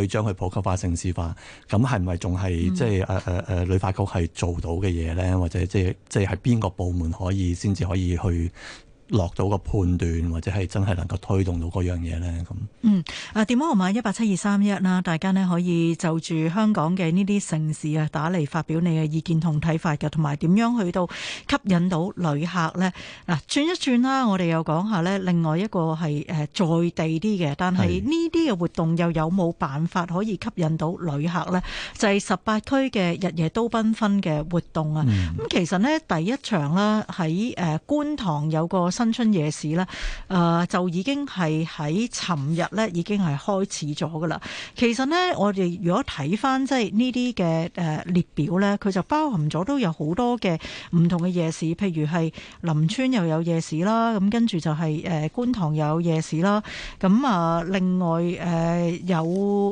再將佢普及化、城市化，咁係咪仲係即係誒誒誒，旅發局係做到嘅嘢咧？或者即係即係係邊個部門可以先至可以去？落到個判斷，或者係真係能夠推動到嗰樣嘢呢？咁。嗯，啊電話號碼一八七二三一啦，172, 3, 1, 大家呢，可以就住香港嘅呢啲城市啊打嚟，發表你嘅意見同睇法嘅，同埋點樣去到吸引到旅客呢？嗱、啊，轉一轉啦，我哋又講下呢，另外一個係誒、呃、在地啲嘅，但係呢啲嘅活動又有冇辦法可以吸引到旅客呢？就係十八區嘅日夜都繽紛嘅活動啊！咁、嗯、其實呢，第一場啦喺誒觀塘有個新春夜市咧、呃，就已經係喺尋日咧，已經係開始咗噶啦。其實呢，我哋如果睇翻即係呢啲嘅誒列表咧，佢就包含咗都有好多嘅唔同嘅夜市，譬如係林村又有夜市啦，咁跟住就係誒觀塘又有夜市啦，咁啊另外誒有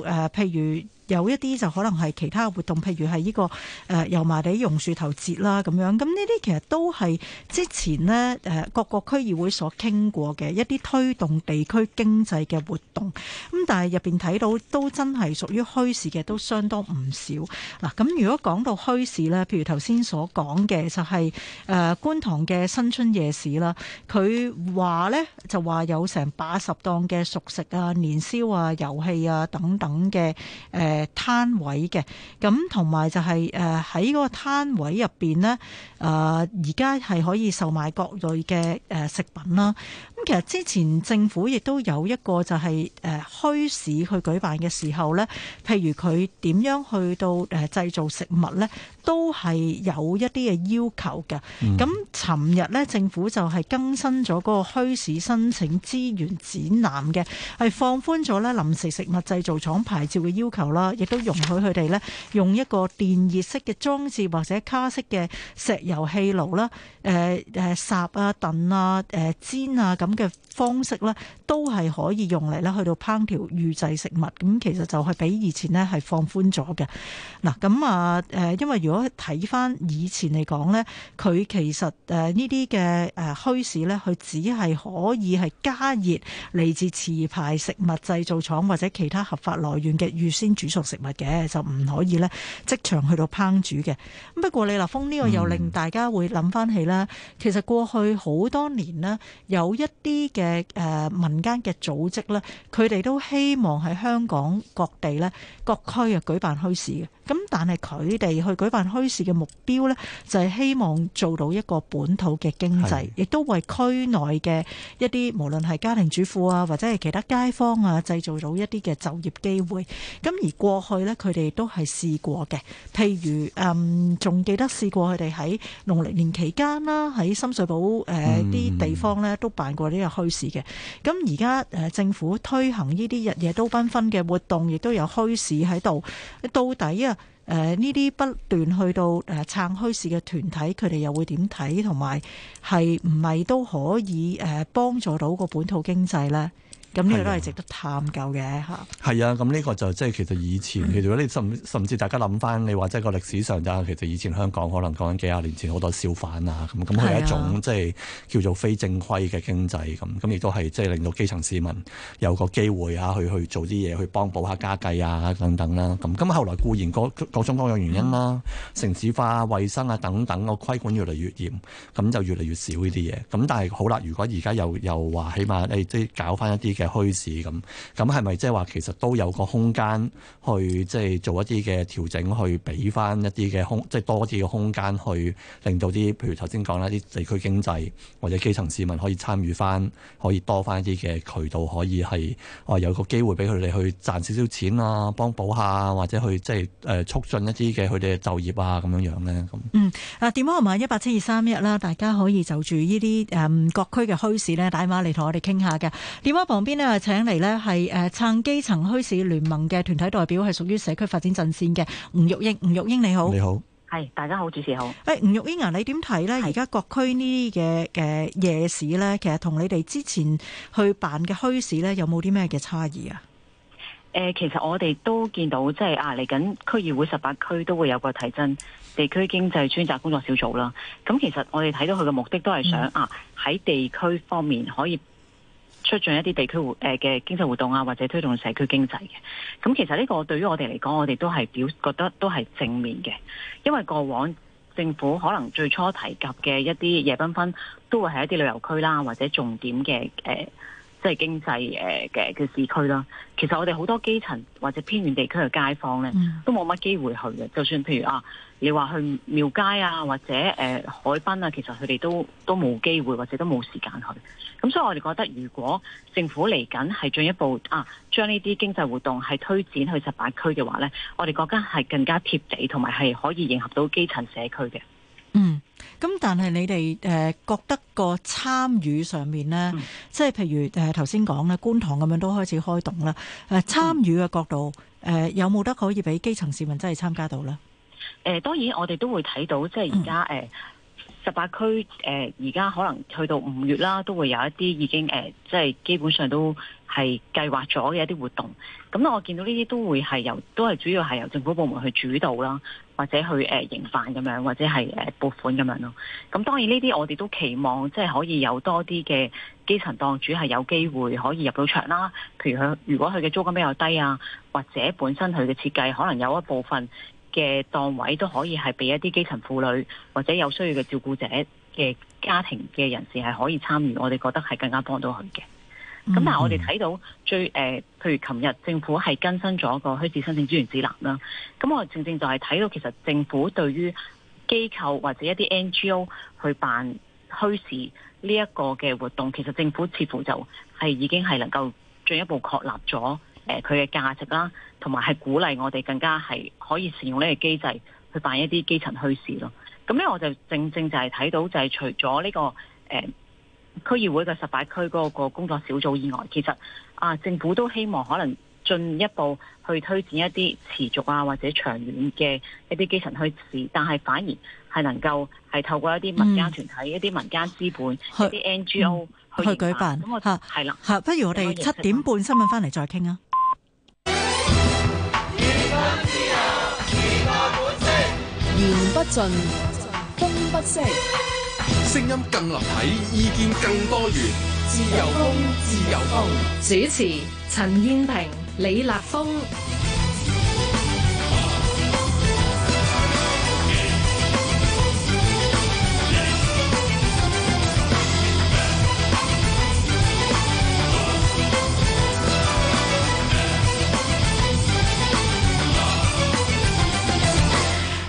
誒譬如。有一啲就可能係其他嘅活動，譬如係呢、呢個誒、呃、油麻地榕樹頭節啦咁樣，咁呢啲其實都係之前呢誒各個區議會所傾過嘅一啲推動地區經濟嘅活動。咁但係入邊睇到都真係屬於墟市嘅，都相當唔少。嗱，咁如果講到墟市呢，譬如頭先所講嘅就係、係、誒、呃、觀塘嘅新春夜市啦，佢話呢就話有成八十檔嘅熟食啊、年宵啊、遊戲啊等等嘅誒。呃嘅攤位嘅，咁同埋就係誒喺嗰個攤位入邊咧，誒而家係可以售賣各類嘅誒食品啦。咁其實之前政府亦都有一個就係誒墟市去舉辦嘅時候咧，譬如佢點樣去到誒製造食物咧？都係有一啲嘅要求嘅。咁、嗯、尋日咧，政府就係更新咗嗰個墟市申請資源展覽嘅，係放寬咗咧臨時食物製造廠牌照嘅要求啦，亦都容許佢哋咧用一個電熱式嘅裝置或者卡式嘅石油氣爐啦，誒誒烚啊燉啊誒、呃、煎啊咁嘅方式咧，都係可以用嚟咧，去到烹調預製食物。咁其實就係比以前咧係放寬咗嘅。嗱，咁啊誒，因為如果睇翻以前嚟講咧，佢其實誒呢啲嘅誒墟市咧，佢只係可以係加熱嚟自持牌食物製造廠或者其他合法來源嘅預先煮熟食物嘅，就唔可以咧即場去到烹煮嘅。不過李立峰呢，這個又令大家會諗翻起咧，嗯，其實過去好多年咧，有一啲嘅。嘅誒民間嘅組織咧，佢哋都希望喺香港各地咧，各區啊，舉辦墟市嘅。咁但係佢哋去舉辦墟市嘅目標咧，就係希望做到一個本土嘅經濟，亦都為區內嘅一啲無論係家庭主婦啊，或者係其他街坊啊，製造到一啲嘅就業機會，咁而過去咧，佢哋都係試過嘅，譬如誒仲，嗯，記得試過佢哋喺農曆年期間啦，喺深水埗誒啲地方咧都辦過呢個墟。市嘅，咁而家誒政府推行呢啲日夜都繽紛嘅活動，亦都有墟市喺度。到底啊誒呢啲不斷去到誒撐墟市嘅團體，佢哋又會點睇？同埋係唔係都可以誒幫助到個本土經濟咧？咁呢個都係值得探究嘅吓，係啊，咁呢、嗯這個就即係其實以前，其實如果你甚甚至大家諗翻，你話即係個歷史上啊，其實以前香港可能講緊幾廿年前好多小販啊，咁咁係一種即係、就是、叫做非正規嘅經濟咁，咁亦都係即係令到基層市民有個機會啊，去去做啲嘢去幫補下家計啊等等啦。咁咁後來固然各各種各樣原因啦、嗯，城市化、衛生啊等等、這個規管越嚟越嚴，咁就越嚟越少呢啲嘢。咁但係好啦，如果而家又又話，起碼你即係搞翻一啲。嘅虛市咁，咁係咪即係話其實都有個空間去即係做一啲嘅調整，去俾翻一啲嘅空，即係多啲嘅空間去令到啲，譬如頭先講啦，啲地區經濟或者基層市民可以參與翻，可以多翻啲嘅渠道，可以係誒有個機會俾佢哋去賺少少錢啊，幫補下或者去即係促進一啲嘅佢哋嘅就業啊咁樣樣咧咁。嗯，啊電話號碼一八七二三一啦，大家可以就住呢啲誒各區嘅虛市咧打電話嚟同我哋傾下嘅。電話旁邊。邊咧請嚟咧係誒撐基層墟市聯盟嘅團體代表，係屬於社區發展陣線嘅吳玉英。吳玉英你好，你好，係大家好，主持好。誒、哎，吳玉英啊，你點睇呢？而家各區呢啲嘅嘅夜市呢，其實同你哋之前去辦嘅墟市呢，有冇啲咩嘅差異啊？誒、呃，其實我哋都見到即係、就是、啊，嚟緊區議會十八區都會有個提振地區經濟專責工作小組啦。咁其實我哋睇到佢嘅目的都係想、嗯、啊，喺地區方面可以。促進一啲地區活誒嘅經濟活動啊，或者推動社區經濟嘅。咁其實呢個對於我哋嚟講，我哋都係表覺得都係正面嘅，因為過往政府可能最初提及嘅一啲夜繽紛都會係一啲旅遊區啦，或者重點嘅誒。呃即係經濟誒嘅嘅市區啦，其實我哋好多基層或者偏遠地區嘅街坊咧，都冇乜機會去嘅。就算譬如啊，你話去廟街啊，或者、呃、海濱啊，其實佢哋都都冇機會或者都冇時間去。咁所以我哋覺得，如果政府嚟緊係進一步啊，將呢啲經濟活動係推展去十八區嘅話咧，我哋國家係更加貼地同埋係可以迎合到基層社區嘅。嗯，咁但係你哋誒覺得個參與上面咧，即、嗯、係譬如誒頭先講咧，觀塘咁樣都開始開動啦。誒，參與嘅角度誒、嗯嗯，有冇得可以俾基層市民真係參加到咧？誒，當然我哋都會睇到，即係而家誒十八區誒而家可能去到五月啦，都會有一啲已經誒，即、呃、係、就是、基本上都係計劃咗嘅一啲活動。咁我見到呢啲都會係由都係主要係由政府部門去主導啦。或者去誒營辦咁樣，或者係誒撥款咁樣咯。咁當然呢啲，我哋都期望即係、就是、可以有多啲嘅基層檔主係有機會可以入到場啦。譬如佢如果佢嘅租金比較低啊，或者本身佢嘅設計可能有一部分嘅檔位都可以係俾一啲基層婦女或者有需要嘅照顧者嘅家庭嘅人士係可以參與。我哋覺得係更加幫到佢嘅。咁、嗯、但係我哋睇到最誒，譬如琴日政府係更新咗個墟市申請資源指南啦。咁我正正就係睇到其實政府對於機構或者一啲 NGO 去辦墟市呢一個嘅活動，其實政府似乎就係已經係能夠進一步確立咗誒佢嘅價值啦，同埋係鼓勵我哋更加係可以善用呢個機制去辦一啲基層墟市咯。咁咧我就正正就係睇到就係除咗呢、這個誒。呃區議會嘅十八區嗰個工作小組以外，其實啊，政府都希望可能進一步去推薦一啲持續啊或者長遠嘅一啲基層墟市，但係反而係能夠係透過一啲民間團體、嗯、一啲民間資本、嗯、一啲 NGO 去，去舉辦嚇，啦嚇、啊啊，不如我哋七點半新聞翻嚟再傾啊。言不盡風不息。聲音更立體，意見更多元。自由風，自由風。主持：陳燕萍、李立峯。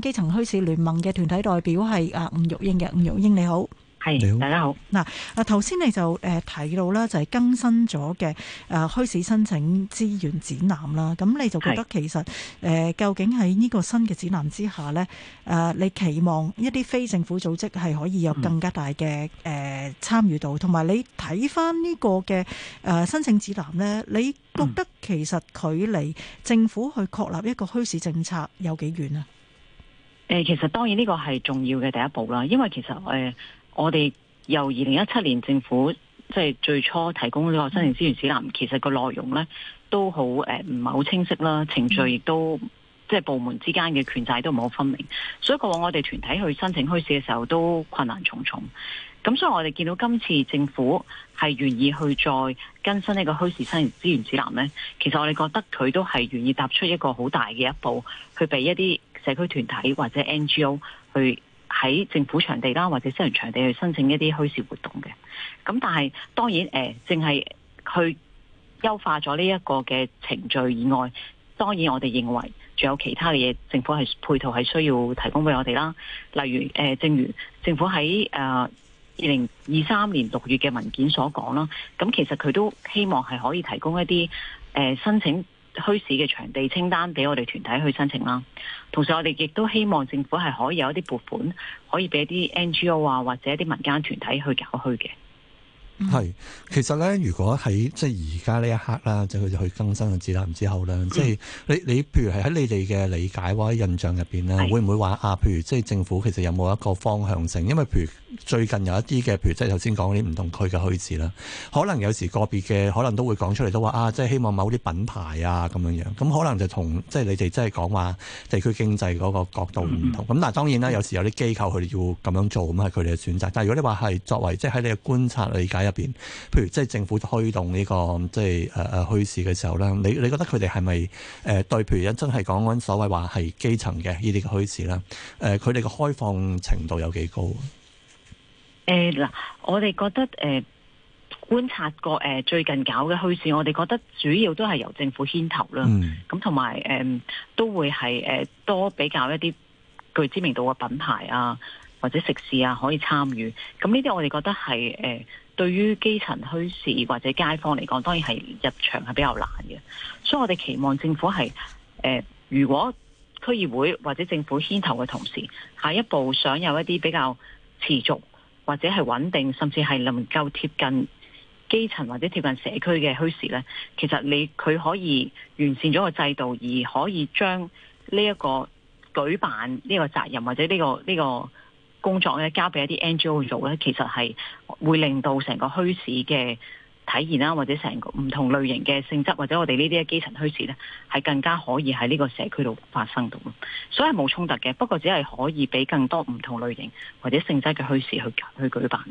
基層墟市聯盟嘅團體代表係阿吳玉英嘅，吳玉英你好，係大家好。嗱，啊頭先你就誒提到啦，就係、是、更新咗嘅誒墟市申請資源指南啦。咁你就覺得其實誒、呃、究竟喺呢個新嘅指南之下呢？誒、呃，你期望一啲非政府組織係可以有更加大嘅誒參與度，同埋你睇翻呢個嘅誒、呃、申請指南呢？你覺得其實距離政府去確立一個墟市政策有幾遠啊？誒，其實當然呢個係重要嘅第一步啦，因為其實誒，我哋由二零一七年政府即係、就是、最初提供呢個申請資源指南，其實個內容呢都好誒，唔係好清晰啦，程序亦都即係、就是、部門之間嘅權責都唔好分明，所以過往我哋團體去申請墟市嘅時候都困難重重。咁所以我哋見到今次政府係願意去再更新呢個墟市申請資源指南呢，其實我哋覺得佢都係願意踏出一個好大嘅一步，去俾一啲。社區團體或者 NGO 去喺政府場地啦，或者私人場，場地去申請一啲墟市活動嘅。咁但係當然誒，淨、呃、係去優化咗呢一個嘅程序以外，當然我哋認為仲有其他嘅嘢，政府係配套係需要提供俾我哋啦。例如誒、呃，正如政府喺誒二零二三年六月嘅文件所講啦，咁、呃、其實佢都希望係可以提供一啲誒、呃、申請。墟市嘅場地清單俾我哋團體去申請啦，同時我哋亦都希望政府係可以有一啲撥款，可以俾一啲 NGO 啊或者一啲民間團體去搞墟嘅。係，其實咧，如果喺即係而家呢一刻啦，即係佢哋去更新嘅指南之後咧，即、嗯、係、就是、你你，譬在你是會會，譬如係喺你哋嘅理解或者印象入邊咧，會唔會話啊？譬如即係政府其實有冇一個方向性？因為譬如最近有一啲嘅，譬如即係頭先講啲唔同區嘅墟市啦，可能有時個別嘅可能都會講出嚟都話啊，即係希望某啲品牌啊咁樣樣，咁可能就同即係你哋即係講話地區經濟嗰個角度唔同。咁、嗯、但係當然啦，有時有啲機構佢哋要咁樣做咁係佢哋嘅選擇。但係如果你話係作為即係喺你嘅觀察理解，入邊，譬如即係政府推動呢、這個即係誒誒墟市嘅時候咧，你你覺得佢哋係咪誒對譬如真係講緊所謂話係基層嘅呢啲嘅墟市咧？誒，佢哋嘅開放程度有幾高？誒、呃、嗱，我哋覺得誒、呃、觀察過誒、呃、最近搞嘅墟市，我哋覺得主要都係由政府牽頭啦。咁同埋誒都會係誒、呃、多比較一啲具知名度嘅品牌啊，或者食肆啊可以參與。咁呢啲我哋覺得係誒。呃對於基層墟市或者街坊嚟講，當然係入場係比較難嘅，所以我哋期望政府係、呃、如果區議會或者政府牽頭嘅同時，下一步想有一啲比較持續或者係穩定，甚至係能夠貼近基層或者貼近社區嘅墟市呢，其實你佢可以完善咗個制度，而可以將呢一個舉辦呢個責任或者呢個呢個。這個工作咧交俾一啲 NGO 做咧，其實係會令到成個墟市嘅體現啦，或者成個唔同類型嘅性質，或者我哋呢啲嘅基層墟市咧，係更加可以喺呢個社區度發生到。所以係冇衝突嘅，不過只係可以俾更多唔同類型或者性質嘅墟市去去舉辦。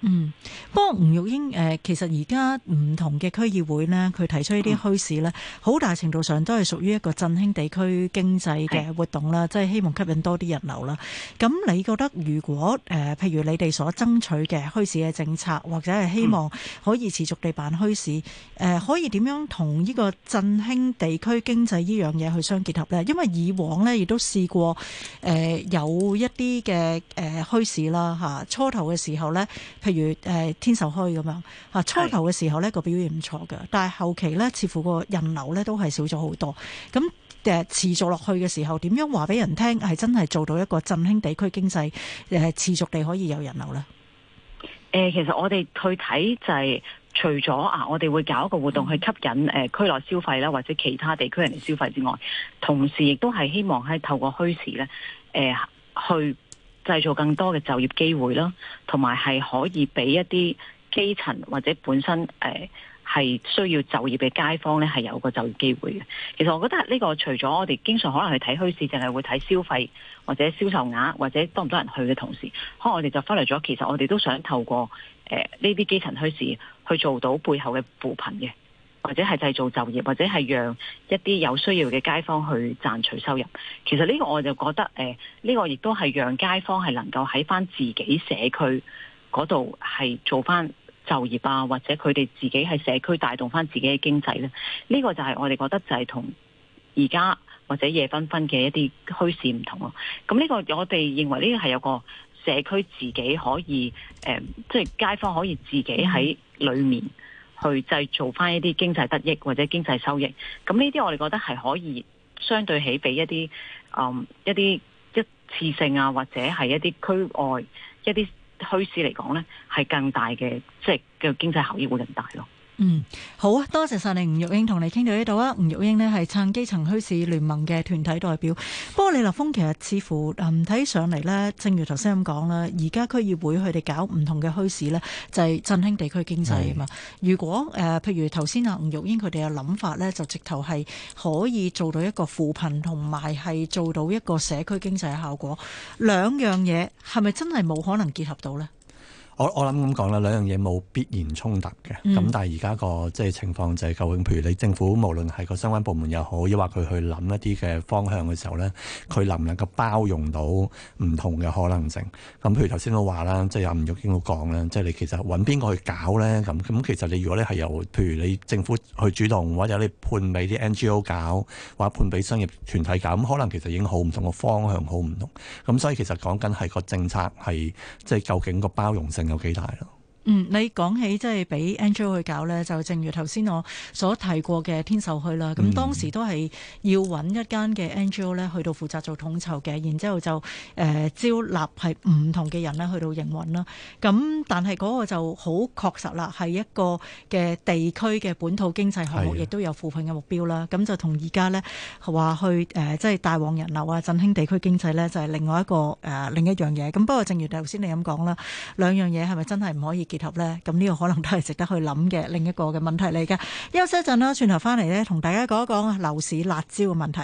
嗯，不過吳玉英誒、呃，其實而家唔同嘅區議會呢，佢提出呢啲墟市呢好、嗯、大程度上都係屬於一個振興地區經濟嘅活動啦，即係希望吸引多啲人流啦。咁你覺得如果誒、呃，譬如你哋所爭取嘅墟市嘅政策，或者係希望可以持續地辦墟市，誒、呃，可以點樣同呢個振興地區經濟呢樣嘢去相結合呢？因為以往呢，亦都試過誒、呃，有一啲嘅誒墟市啦，吓、啊、初頭嘅時候呢。譬如誒、呃、天秀墟咁樣嚇初頭嘅時候呢，個表現唔錯嘅，但係後期呢，似乎個人流呢都係少咗好多。咁誒、呃、持續落去嘅時候，點樣話俾人聽係真係做到一個振興地區經濟誒、呃、持續地可以有人流呢？誒、呃，其實我哋去睇就係、是、除咗啊，我哋會搞一個活動去吸引誒、呃、區內消費啦，或者其他地區人嚟消費之外，同時亦都係希望係透過墟市呢誒去。製造更多嘅就業機會啦，同埋係可以俾一啲基層或者本身誒係、呃、需要就業嘅街坊咧，係有個就業機會嘅。其實我覺得呢個除咗我哋經常可能去睇墟市淨係會睇消費或者銷售額或者多唔多人去嘅同時，可能我哋就忽略咗，其實我哋都想透過誒呢啲基層墟市去做到背後嘅扶貧嘅。或者係製造就業，或者係讓一啲有需要嘅街坊去賺取收入。其實呢個我就覺得，誒、呃，呢、這個亦都係讓街坊係能夠喺翻自己社區嗰度係做翻就業啊，或者佢哋自己喺社區帶動翻自己嘅經濟咧。呢、這個就係我哋覺得就係同而家或者夜繽紛嘅一啲墟市唔同咯。咁呢個我哋認為呢個係有個社區自己可以，誒、呃，即、就、係、是、街坊可以自己喺裏面。嗯去製造翻一啲經濟得益或者經濟收益，咁呢啲我哋覺得係可以相對起俾一啲嗯，一啲一次性啊，或者係一啲區外一啲墟市嚟講呢，係更大嘅即係嘅經濟效益會更大咯。嗯，好啊，多謝晒你，吳玉英同你傾到呢度啊。吳玉英呢係撐基層墟市聯盟嘅團體代表。不過李立峰其實似乎唔睇上嚟呢，正如頭先咁講啦，而家區議會佢哋搞唔同嘅墟市呢，就係振興地區經濟啊嘛。如果誒、呃，譬如頭先阿吳玉英佢哋嘅諗法呢，就直頭係可以做到一個扶貧同埋係做到一個社區經濟嘅效果。兩樣嘢係咪真係冇可能結合到呢？我我諗咁講啦，兩樣嘢冇必然衝突嘅。咁但係而家個即係情況就係究竟，譬如你政府無論係個相關部門又好，亦或佢去諗一啲嘅方向嘅時候咧，佢能唔能夠包容到唔同嘅可能性？咁譬如頭先都話啦，即係吳玉英都講啦，即係你其實揾邊個去搞咧，咁咁，其實你如果你係由譬如你政府去主動或者你判俾啲 NGO 搞，或者判俾商業團體搞，咁可能其實已經好唔同嘅方向，好唔同。咁所以其實講緊係個政策係即係究竟個包容性。有幾大咯？嗯，你講起即係俾 NGO 去搞咧，就正如頭先我所提過嘅天秀墟啦。咁當時都係要揾一間嘅 NGO 咧去到負責做統籌嘅，然之後就誒、呃、招納係唔同嘅人咧去到營運啦。咁但係嗰就好確實啦，係一個嘅地區嘅本土經濟項目，亦都有扶貧嘅目標啦。咁就同而家咧話去誒即係帶旺人流啊，振興地區經濟咧，就係、是、另外一個誒、呃、另一樣嘢。咁不過正如頭先你咁講啦，兩樣嘢係咪真係唔可以兼？咧，咁呢個可能都係值得去諗嘅另一個嘅問題嚟噶。休息一陣啦，轉頭翻嚟咧，同大家講一講樓市辣招嘅問題。